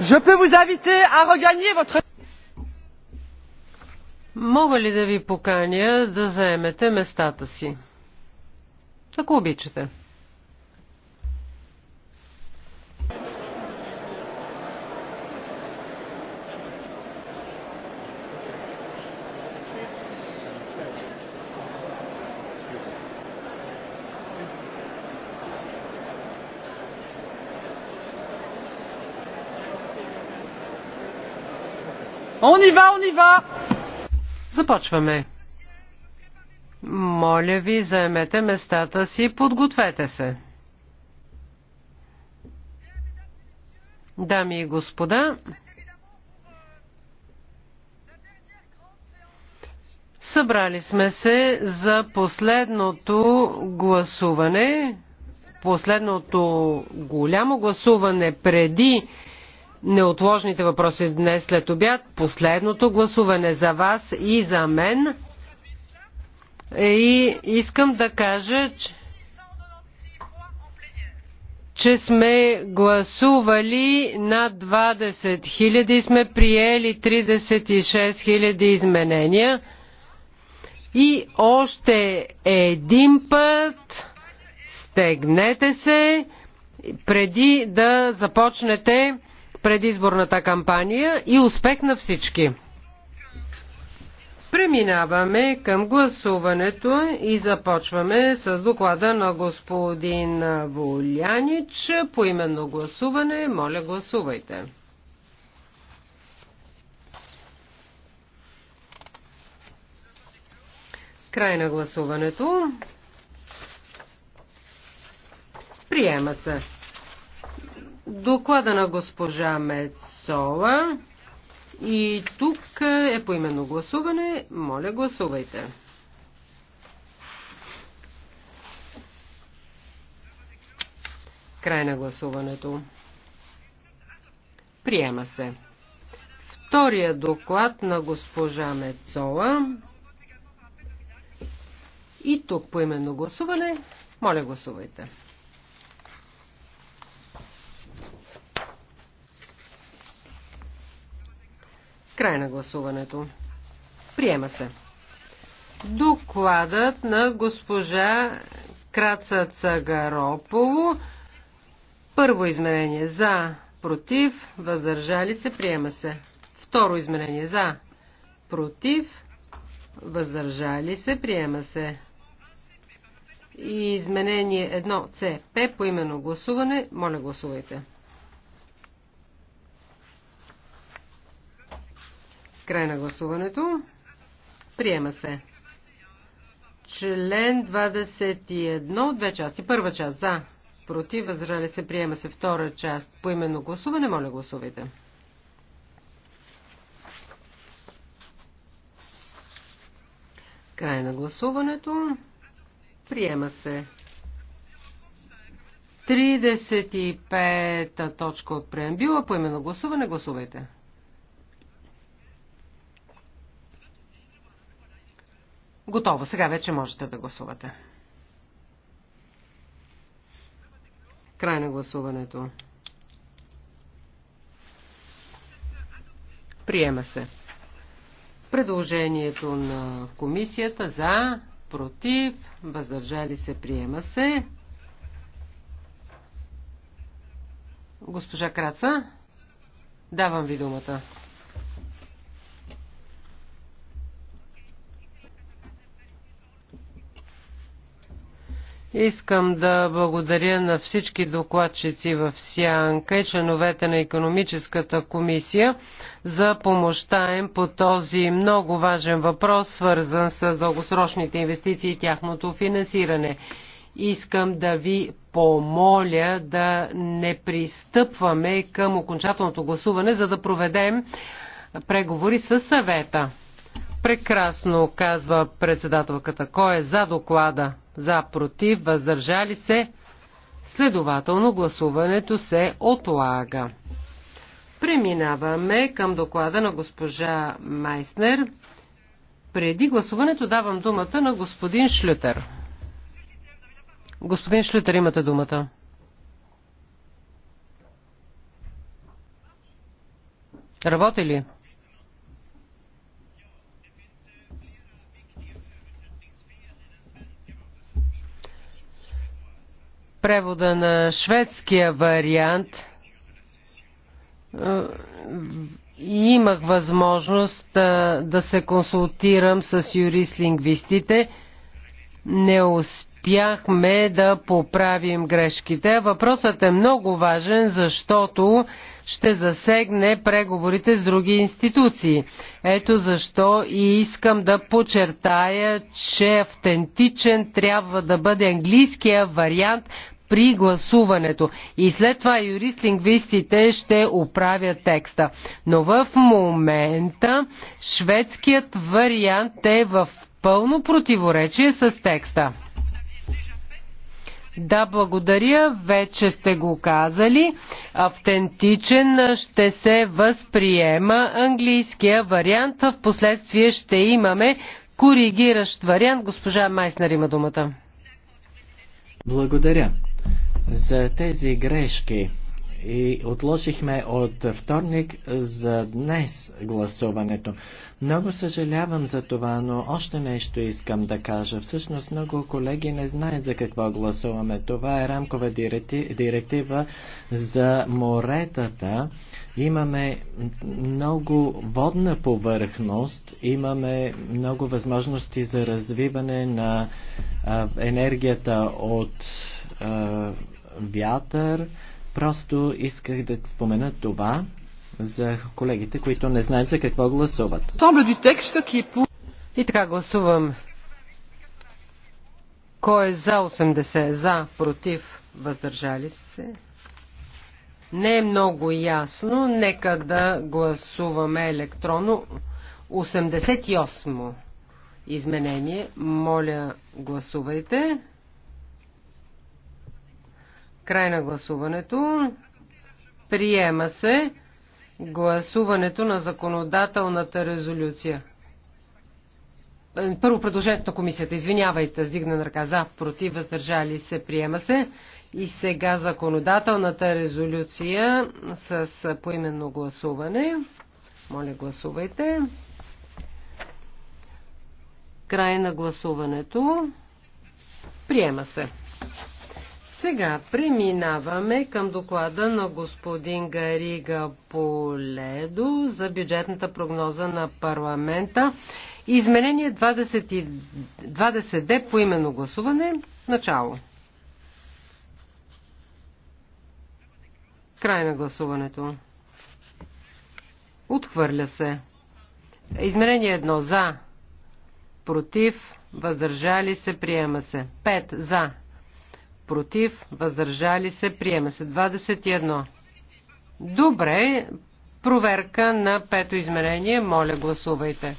Je peux vous inviter à regagner votre... Мога ли да ви поканя да заемете местата си? Ако обичате. On y va, on y va! Започваме. Моля ви, заемете местата си, подгответе се. Дами и господа, събрали сме се за последното гласуване, последното голямо гласуване преди неотложните въпроси днес след обяд. Последното гласуване за вас и за мен. Е, и искам да кажа, че че сме гласували на 20 000 и сме приели 36 000 изменения. И още един път стегнете се преди да започнете предизборната кампания и успех на всички! Преминаваме към гласуването и започваме с доклада на господин Волянич. По именно гласуване, моля гласувайте. Край на гласуването. Приема се доклада на госпожа Мецола. И тук е поименно гласуване. Моля, гласувайте. Край на гласуването. Приема се. Втория доклад на госпожа Мецола. И тук по именно гласуване. Моля, гласувайте. Край на гласуването. Приема се. Докладът на госпожа Краца Цагаропово. Първо изменение за, против, въздържали се, приема се. Второ изменение за, против, въздържали се, приема се. И изменение 1 ЦП по именно гласуване. Моля гласувайте. Край на гласуването. Приема се. Член 21 две части. Първа част за. Против. възражали се. Приема се. Втора част. По именно гласуване. Моля гласувайте. Край на гласуването. Приема се. 35-та точка от преамбила. По именно гласуване. Гласувайте. Готово. Сега вече можете да гласувате. Край на гласуването. Приема се. Предложението на комисията за, против, въздържали се, приема се. Госпожа Краца, давам ви думата. Искам да благодаря на всички докладчици в Сянка и членовете на економическата комисия за помощта им по този много важен въпрос, свързан с дългосрочните инвестиции и тяхното финансиране. Искам да ви помоля да не пристъпваме към окончателното гласуване, за да проведем преговори с съвета. Прекрасно, казва председателката. Кой е за доклада? за, против, въздържали се. Следователно гласуването се отлага. Преминаваме към доклада на госпожа Майснер. Преди гласуването давам думата на господин Шлютер. Господин Шлютер, имате думата. Работи ли? превода на шведския вариант и е, имах възможност е, да се консултирам с юрист-лингвистите. Не успяхме да поправим грешките. Въпросът е много важен, защото ще засегне преговорите с други институции. Ето защо и искам да подчертая, че автентичен трябва да бъде английския вариант при гласуването. И след това юрист-лингвистите ще оправят текста. Но в момента шведският вариант е в пълно противоречие с текста. Да, благодаря, вече сте го казали. Автентичен ще се възприема английския вариант. В последствие ще имаме коригиращ вариант. Госпожа Майснер има думата. Благодаря за тези грешки и отложихме от вторник за днес гласуването. Много съжалявам за това, но още нещо искам да кажа. Всъщност много колеги не знаят за какво гласуваме. Това е рамкова директива за моретата. Имаме много водна повърхност, имаме много възможности за развиване на а, енергията от а, вятър. Просто исках да спомена това за колегите, които не знаят за какво гласуват. Е и така гласувам. Кой е за 80? За, против, въздържали се? Не е много ясно. Нека да гласуваме електронно. 88 изменение. Моля, гласувайте. Край на гласуването. Приема се гласуването на законодателната резолюция. Е, първо предложението на комисията. Извинявайте, сдигна на ръка за, против, въздържали се, приема се. И сега законодателната резолюция с поименно гласуване. Моля, гласувайте. Край на гласуването. Приема се. Сега преминаваме към доклада на господин Гарига Поледо за бюджетната прогноза на парламента. Изменение 20, 20D по именно гласуване. Начало. Край на гласуването. Отхвърля се. Изменение 1 за. Против. Въздържали се. Приема се. 5 за против, въздържали се, приема се. 21. Добре, проверка на пето изменение. Моля, гласувайте.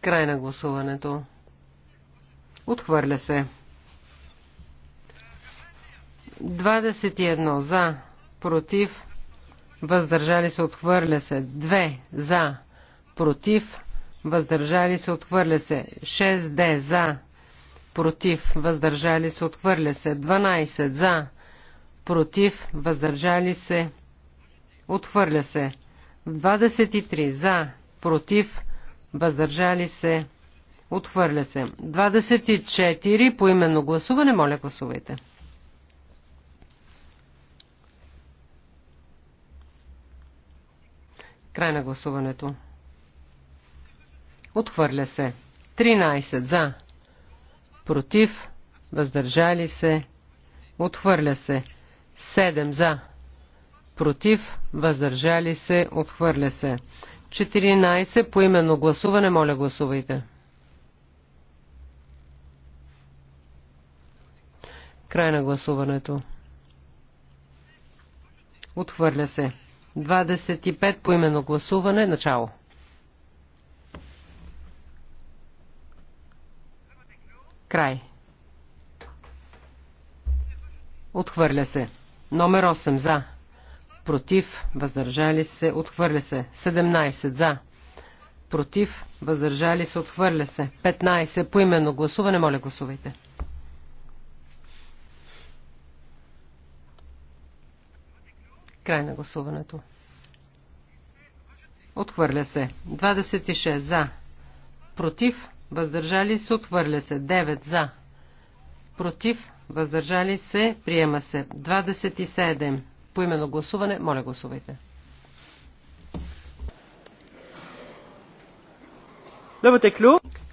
Край на гласуването. Отхвърля се. 21 за, против, въздържали се, отхвърля се. 2 за, против, въздържали се, отхвърля се. 6D за, против, въздържали се, отхвърля се. 12 за, против, въздържали се, отхвърля се. 23 за, против, въздържали се, отхвърля се. 24 по именно гласуване, моля гласувайте. Край на гласуването. Отхвърля се. 13 за. Против. Въздържали се. Отхвърля се. 7 за. Против. Въздържали се. Отхвърля се. 14. По именно гласуване. Моля гласувайте. Край на гласуването. Отхвърля се. 25. По именно гласуване. Начало. Край. Отхвърля се. Номер 8 за. Против. Въздържали се. Отхвърля се. 17 за. Против. Въздържали се. Отхвърля се. 15. По именно гласуване. Моля гласувайте. Край на гласуването. Отхвърля се. 26 за. Против въздържали се, отхвърля се. 9 за, против, въздържали се, приема се. 27. Е Поименно гласуване, моля гласувайте.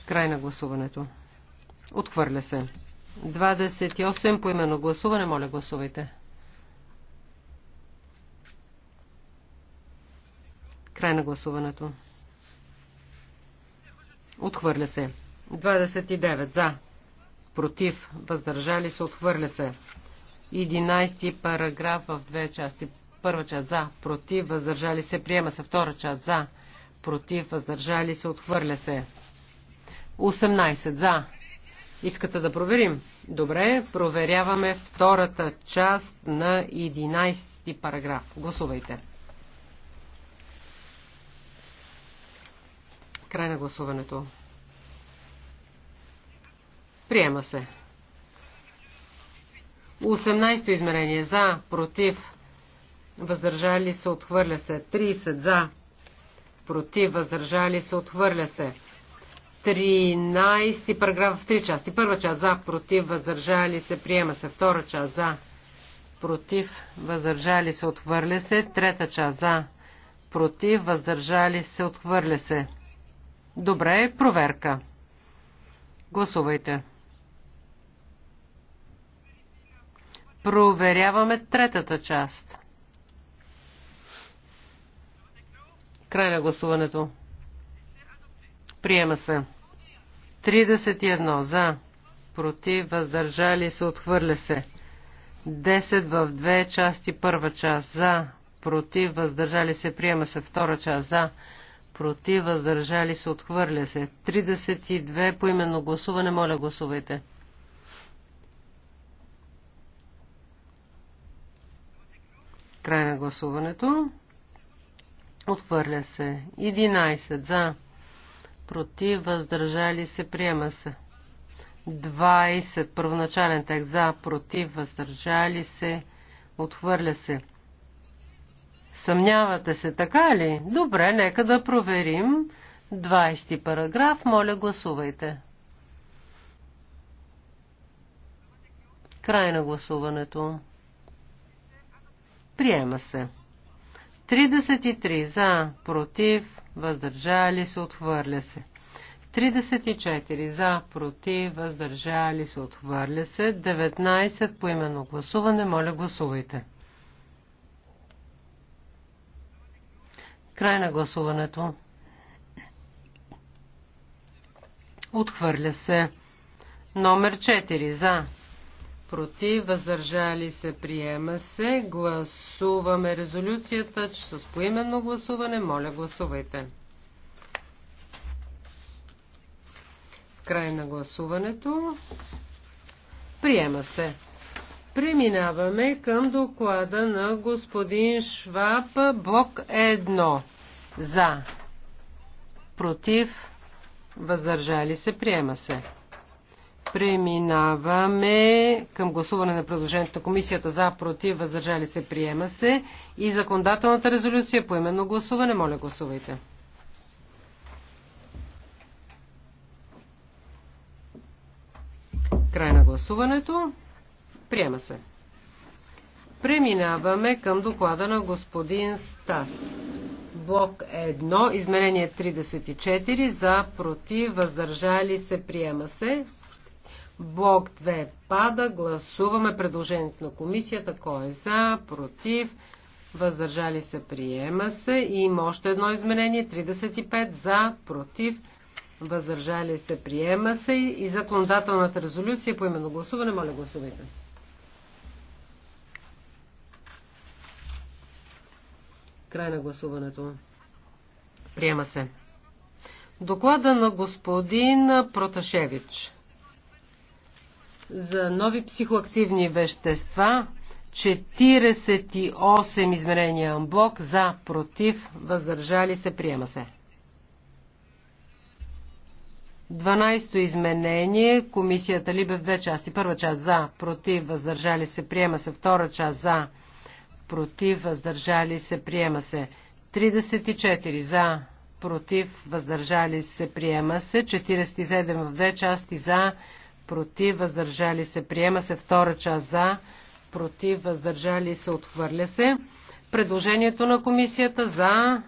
Край на гласуването. Отхвърля се. 28. именно гласуване, моля гласувайте. Край на гласуването. Отхвърля се. 29. За. Против. Въздържали се. Отхвърля се. 11 параграф в две части. Първа част за. Против. Въздържали се. Приема се. Втора част за. Против. Въздържали се. Отхвърля се. 18. За. Искате да проверим? Добре. Проверяваме втората част на 11 параграф. Гласувайте. Край на гласуването. Приема се. 18-то измерение. За, против, въздържали се, отхвърля се. 30 за, против, въздържали се, отхвърля се. 13 параграф в 3 части. Първа част за, против, въздържали се, приема се. Втора част за, против, въздържали се, отхвърля се. Трета част за, против, въздържали се, отхвърля се. Добре, проверка. Гласувайте. Проверяваме третата част. Край на гласуването. Приема се. 31 за. Против. Въздържали се. Отхвърля се. 10 в две части. Първа част за. Против. Въздържали се. Приема се. Втора част за против, въздържали се, отхвърля се. 32 по именно гласуване, моля гласувайте. Край на гласуването. Отхвърля се. 11 за. Против, въздържали се, приема се. 20 първоначален текст за, против, въздържали се, отхвърля се. Съмнявате се, така ли? Добре, нека да проверим. 20 параграф, моля гласувайте. Край на гласуването. Приема се. 33 за, против, въздържали се, отхвърля се. 34 за, против, въздържали се, отхвърля се. 19 по именно гласуване, моля гласувайте. Край на гласуването. Отхвърля се. Номер 4. За. Против. Въздържали се. Приема се. Гласуваме резолюцията с поименно гласуване. Моля, гласувайте. Край на гласуването. Приема се. Преминаваме към доклада на господин Шваб, блок Едно. За, против, въздържали се, приема се. Преминаваме към гласуване на предложението на комисията за, против, въздържали се, приема се и законодателната резолюция по именно гласуване. Моля, гласувайте. Край на гласуването. Приема се. Преминаваме към доклада на господин Стас. Блок 1, изменение 34, за, против, въздържали се, приема се. Блок 2 пада, гласуваме предложението на комисията, кой е за, против, въздържали се, приема се. И има още едно изменение, 35, за, против, въздържали се, приема се. И законодателната резолюция по именно гласуване, моля гласувайте. Край на гласуването. Приема се. Доклада на господин Проташевич за нови психоактивни вещества. 48 измерения блок за, против, въздържали се, приема се. 12-то изменение. Комисията Либе в две части. Първа част за, против, въздържали се, приема се. Втора част за, против, въздържали се, приема се. 34 за, против, въздържали се, приема се. 47 в две части за, против, въздържали се, приема се. Втора част за, против, въздържали се, отхвърля се. Предложението на комисията за...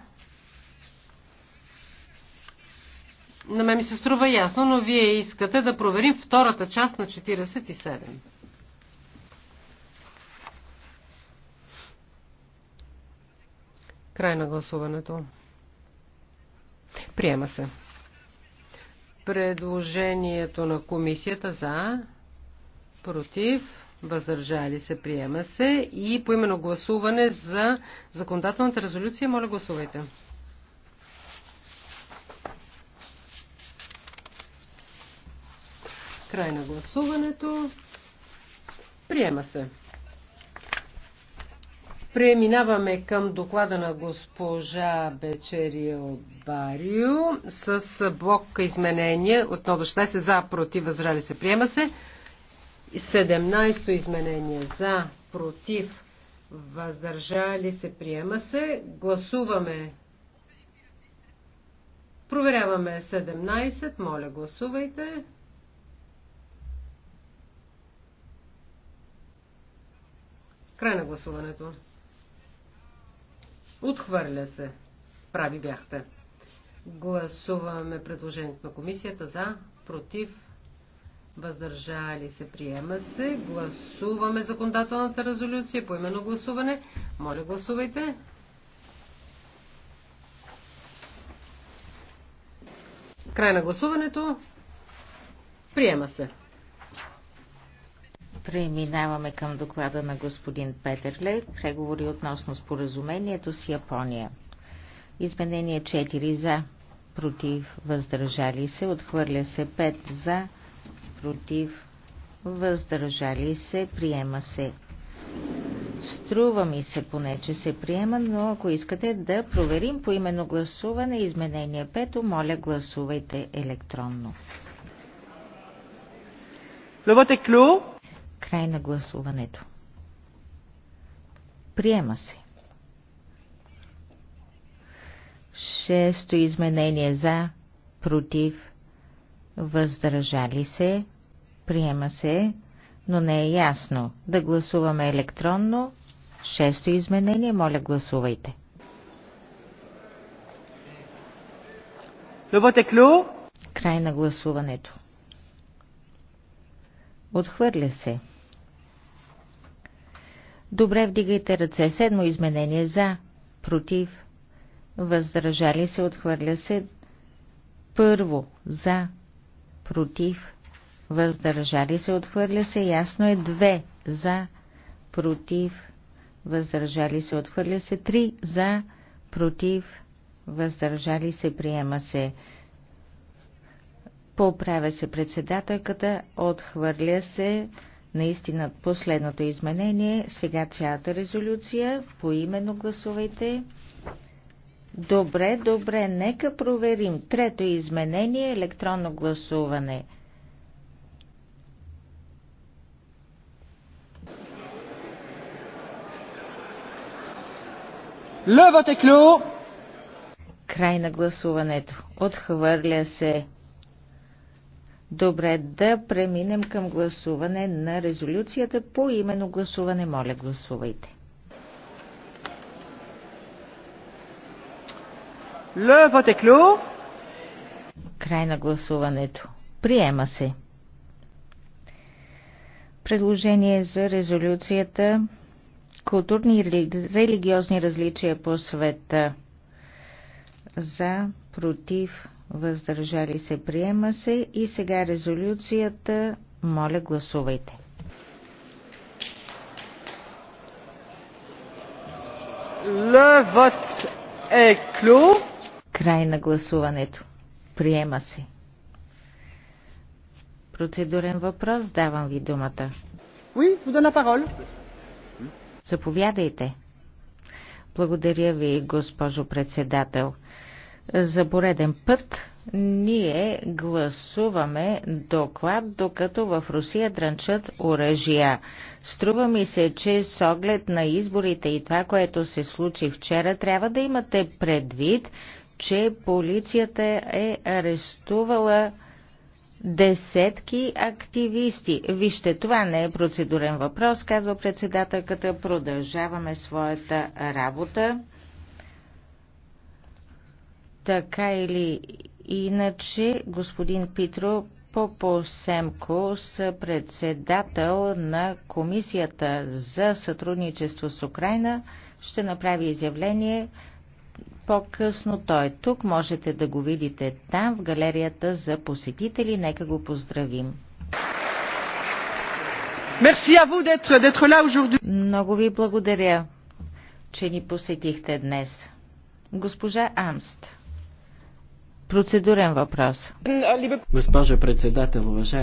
На мен ми се струва ясно, но вие искате да проверим втората част на 47. Край на гласуването. Приема се. Предложението на комисията за, против, въздържали се, приема се и по именно гласуване за законодателната резолюция. Моля, гласувайте. Край на гласуването. Приема се. Преминаваме към доклада на госпожа Бечерио Барио с блок изменения. Отново 16 за, против, възрали се, приема се. 17-то изменение за, против, въздържали се, приема се. Гласуваме. Проверяваме 17. Моля, гласувайте. Край на гласуването. Отхвърля се. Прави бяхте. Гласуваме предложението на комисията за, против, въздържали се, приема се. Гласуваме законодателната резолюция по именно гласуване. Моля, гласувайте. Край на гласуването. Приема се. Преминаваме към доклада на господин Петерле. Преговори относно споразумението с Япония. Изменение 4 за, против, въздържали се. Отхвърля се 5 за, против, въздържали се. Приема се. Струва ми се поне, че се приема, но ако искате да проверим по именно гласуване изменение 5, моля гласувайте електронно. Le vote est clos. Край на гласуването. Приема се. Шесто изменение за, против, въздържали се, приема се, но не е ясно. Да гласуваме електронно. Шесто изменение, моля гласувайте. Край на гласуването. Отхвърля се. Добре, вдигайте ръце. Седмо изменение за, против, въздържали се, отхвърля се. Първо за, против, въздържали се, отхвърля се. Ясно е две за, против, въздържали се, отхвърля се. Три за, против, въздържали се, приема се. Поправя се председателката, отхвърля се наистина последното изменение. Сега цялата резолюция, поименно гласувайте. Добре, добре, нека проверим. Трето изменение електронно гласуване. Левът е Край на гласуването. Отхвърля се Добре, да преминем към гласуване на резолюцията по именно гласуване. Моля, гласувайте. Le vote est clos. Край на гласуването. Приема се. Предложение за резолюцията Културни и религиозни различия по света за, против, въздържали се, приема се. И сега резолюцията, моля гласувайте. Le vote est clos. Край на гласуването. Приема се. Процедурен въпрос, давам ви думата. Oui, vous donne la parole. Заповядайте. Благодаря ви, госпожо председател. За пореден път ние гласуваме доклад, докато в Русия дрънчат оръжия. Струва ми се, че с оглед на изборите и това, което се случи вчера, трябва да имате предвид, че полицията е арестувала десетки активисти. Вижте, това не е процедурен въпрос, казва председателката. Продължаваме своята работа. Така или иначе, господин Питро Попосемко с председател на Комисията за сътрудничество с Украина, ще направи изявление по-късно. Той е тук, можете да го видите там в галерията за посетители. Нека го поздравим. Много ви благодаря, че ни посетихте днес. Госпожа Амст. Процедурен въпрос. Госпожо председател, уважаеми